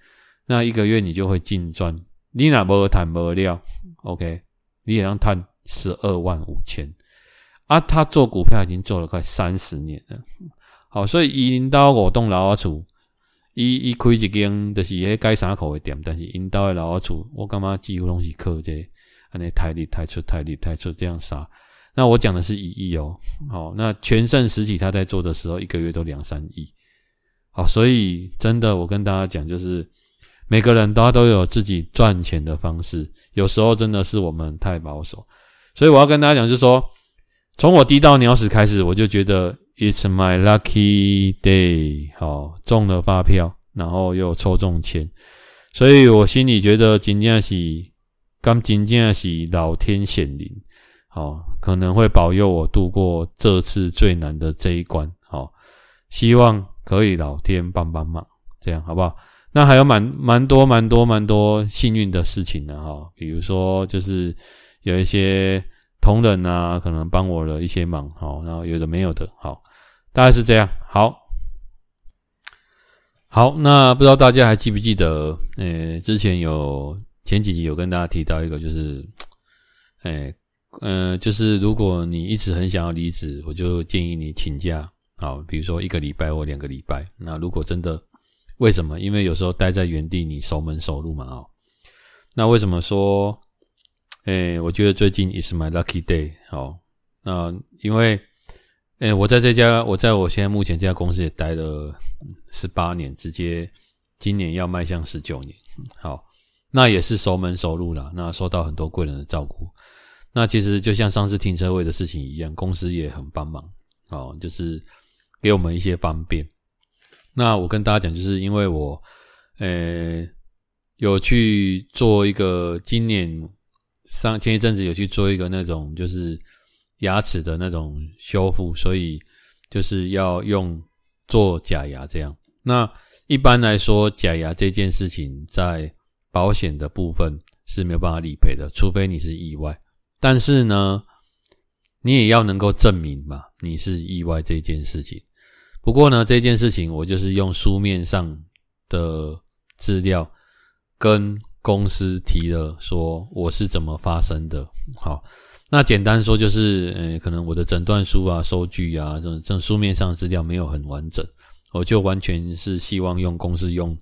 那一個月你就會淨賺，你哪沒談沒料，OK，你也要談十二萬五千。啊，他做股票已經做了快三十年了，好，所以引導我動老阿一一伊開一間就是也改啥口味店，但是引導阿勞阿我幹嘛寄東西客這些，啊，那太利、太出，太利、太出這樣殺。那我講的是一億哦，好，那全盛時期他在做的時候，一個月都兩三億。好，所以真的，我跟大家講，就是每個人都都有自己賺錢的方式，有時候真的是我們太保守，所以我要跟大家講，就是說。從我滴到鳥屎開始，我就覺得 it's my lucky day，好，中了發票，然後又抽中籤。所以我心裡覺得今天是，剛今天是老天顯靈，好，可能會保佑我度過這次最難的這一關，好，希望可以老天幫幫忙，這樣好不好？那還有蠻蠻多蠻多蠻多幸運的事情呢、啊，哈，比如說就是有一些。同仁啊，可能幫我的一些忙，好，然後有的沒有的，好，大概是這樣。好，好，那不知道大家還記不記得，呃、欸，之前有前幾集有跟大家提到一個，就是，誒、欸、嗯、呃，就是如果你一直很想要離職，我就建議你請假，好，比如說一個禮拜或兩個禮拜。那如果真的，為什麼？因為有時候待在原地，你熟門熟路嘛，哦，那為什麼說？哎、欸，我覺得最近是 My Lucky Day。好，那、呃、因為哎、欸，我在這家，我在我現在目前這家公司也待了十八年，直接今年要邁向十九年。好，那也是熟門熟路了，那受到很多貴人的照顧。那其實就像上次停車位的事情一樣，公司也很幫忙，哦，就是給我們一些方便。那我跟大家講，就是因為我，呃、欸，有去做一個今年。上前一陣子有去做一個那種就是牙齒的那種修復，所以就是要用做假牙這樣。那一般來說，假牙這件事情在保險的部分是沒有辦法理賠的，除非你是意外。但是呢，你也要能夠證明嘛，你是意外這件事情。不過呢，這件事情我就是用書面上的資料跟，公司提了說我是怎麼發生的，好，那簡單說就是，呃可能我的診斷書啊、收據啊這種書面上資料沒有很完整，我就完全是希望用公司用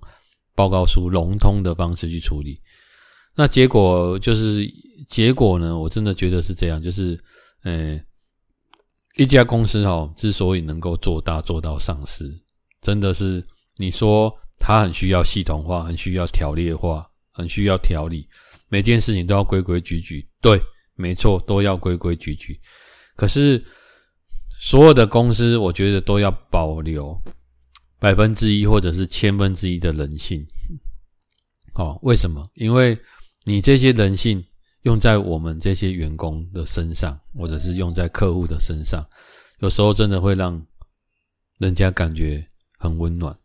報告書籠統的方式去處理。那結果就是，結果呢，我真的覺得是這樣，就是，誒一家公司哦，之所以能夠做大做到上市，真的是你說它很需要系統化，很需要條列化。很需要調理，每件事情都要規規矩矩。對，沒錯，都要規規矩矩。可是，所有的公司，我覺得都要保留百分之一或者是千分之一的人性。哦，為什麼？因為你這些人性用在我們這些員工的身上，或者是用在客戶的身上，有時候真的會讓人家感覺很溫暖。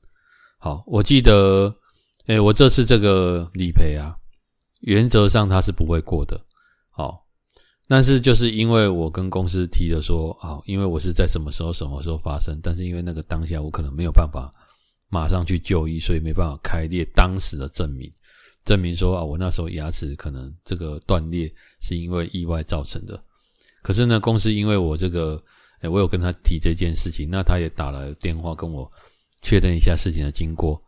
好，我記得。哎，我這次這個理賠啊，原則上他是不會過的，哦，但是就是因為我跟公司提的說，啊，因為我是在什麼時候什麼時候發生，但是因為那個當下我可能沒有辦法馬上去就醫，所以沒辦法開立當時的證明，證明說啊，我那時候牙齒可能這個斷裂是因為意外造成的。可是呢，公司因為我這個，哎，我有跟他提這件事情，那他也打了電話跟我確認一下事情的經過。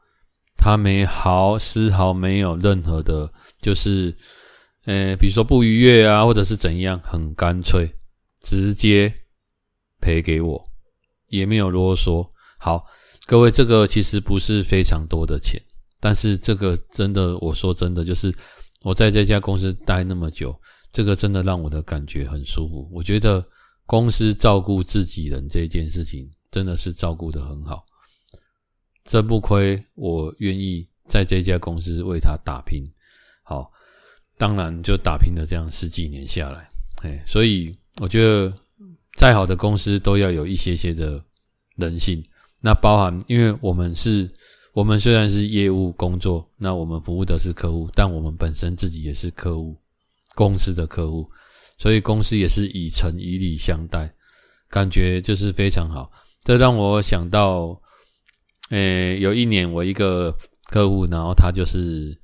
他沒毫絲毫沒有任何的，就是，呃、欸，比如說不愉悅啊，或者是怎樣，很乾脆直接賠給我，也沒有囉嗦。好，各位，這個其實不是非常多的錢，但是這個真的，我說真的，就是我在這家公司待那麼久，這個真的讓我的感覺很舒服。我覺得公司照顧自己人這件事情，真的是照顧得很好。這不虧，我願意在這家公司為他打拼。好，當然就打拼了這樣十幾年下來，嘿，所以我覺得，再好的公司都要有一些些的人性。那包含，因為我們是，我們雖然是業務工作，那我們服務的是客戶，但我們本身自己也是客戶，公司的客戶，所以公司也是以誠以禮相待，感覺就是非常好。這讓我想到。誒，有一年我一個客戶，然後他就是，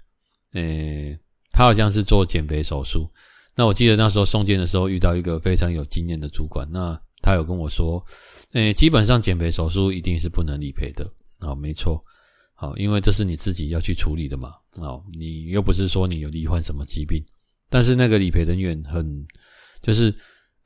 誒，他好像是做減肥手術。那我記得那時候送件的時候遇到一個非常有經驗的主管，那他有跟我說，誒，基本上減肥手術一定是不能理賠的。好，沒錯，好，因為這是你自己要去處理的嘛。哦，你又不是說你有罹患什麼疾病，但是那個理賠人員很，就是，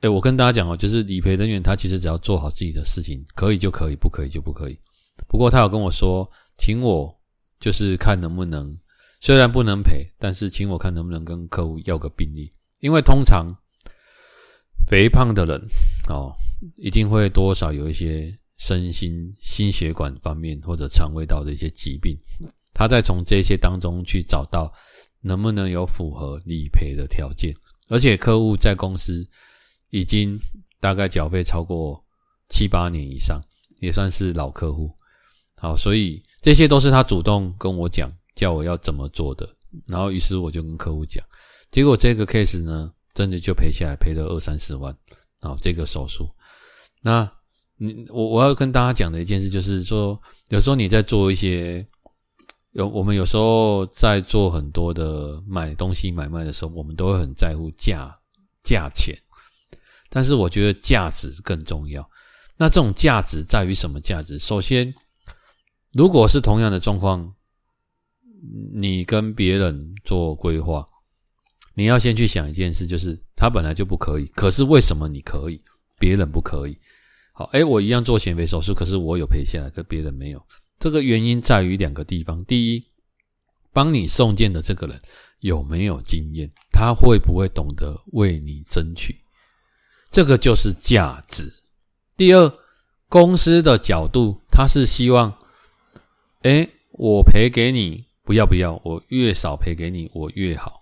誒，我跟大家講哦，就是理賠人員他其實只要做好自己的事情，可以就可以，不可以就不可以。不過他有跟我說，請我就是看能不能，雖然不能賠，但是請我看能不能跟客戶要個病歷，因為通常肥胖的人哦，一定會多少有一些身心心血管方面或者腸胃道的一些疾病，他再從這些當中去找到能不能有符合理賠的條件，而且客戶在公司已經大概繳費超過七八年以上，也算是老客戶。好，所以這些都是他主動跟我講，叫我要怎麼做的。然後，於是我就跟客戶講，結果這個 case 呢，真的就賠下來，賠了二三十萬。好，這個手術。那，你我我要跟大家講的一件事，就是說，有時候你在做一些有我們有時候在做很多的買東西買賣的時候，我們都會很在乎價價錢，但是我覺得價值更重要。那這種價值在於什麼價值？首先。如果是同樣的狀況，你跟別人做規劃，你要先去想一件事，就是他本來就不可以，可是為什麼你可以，別人不可以？好，誒，我一樣做減肥手術，可是我有賠下來，可別人沒有。這個原因在於兩個地方：第一，幫你送件的這個人有沒有經驗，他會不會懂得為你爭取，這個就是價值；第二，公司的角度，他是希望。哎，我賠給你，不要不要，我越少賠給你，我越好，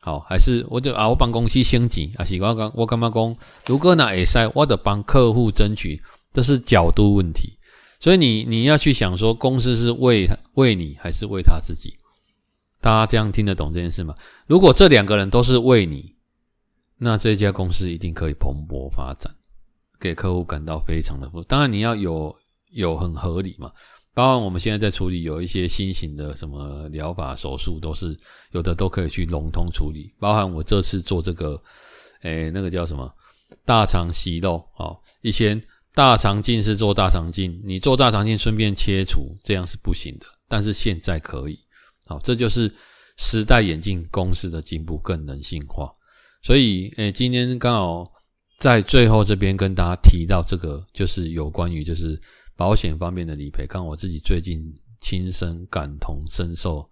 好還是我就啊，我幫公司升級啊，喜歡剛我幹嘛講，說如果拿耳塞，我得幫客戶爭取，這是角度問題。所以你你要去想說，公司是為為你還是為他自己？大家這樣聽得懂這件事嗎？如果這兩個人都是為你，那這家公司一定可以蓬勃發展，給客戶感到非常的富。當然你要有有很合理嘛。包含我們現在在處理有一些新型的什麼療法手術，都是有的都可以去融通處理。包含我這次做這個，誒、欸，那個叫什麼大腸息肉，哦？以前大腸鏡是做大腸鏡，你做大腸鏡順便切除，這樣是不行的。但是現在可以，好，哦，這就是時代眼鏡公司的進步更人性化。所以，誒、欸，今天剛好在最後這邊跟大家提到這個，就是有關於就是。保險方面的理賠，看我自己最近親身感同身受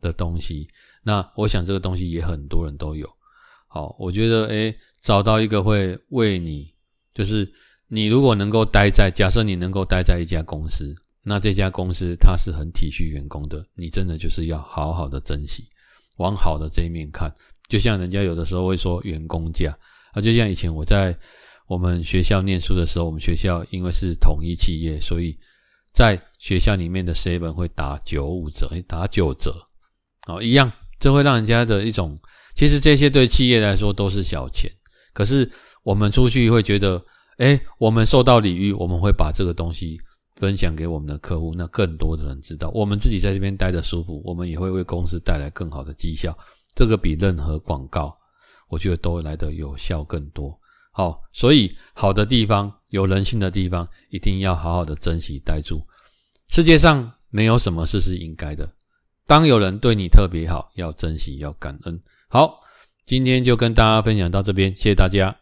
的東西，那我想這個東西也很多人都有。好，我覺得誒、欸、找到一個會為你，就是你如果能夠待在，假設你能夠待在一家公司，那這家公司它是很體恤員工的，你真的就是要好好的珍惜，往好的這一面看。就像人家有的時候會說員工價，啊，就像以前我在。我們學校念書的時候，我們學校因為是統一企業，所以在學校裡面的 seven 會打九五折，打九折。哦，一樣，這會讓人家的一種。其實這些對企業來說都是小錢，可是我們出去會覺得，哎，我們受到禮遇，我們會把這個東西分享給我們的客戶，那更多的人知道。我們自己在這邊待得舒服，我們也會為公司帶來更好的績效。這個比任何廣告，我覺得都來得有效更多。好、哦，所以好的地方，有人性的地方，一定要好好的珍惜待住。世界上沒有什麼事是應該的，當有人對你特別好，要珍惜，要感恩。好，今天就跟大家分享到這邊，謝謝大家。